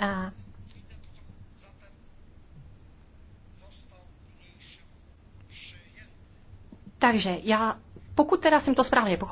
A takže já, pokud teda jsem to správně pochopil,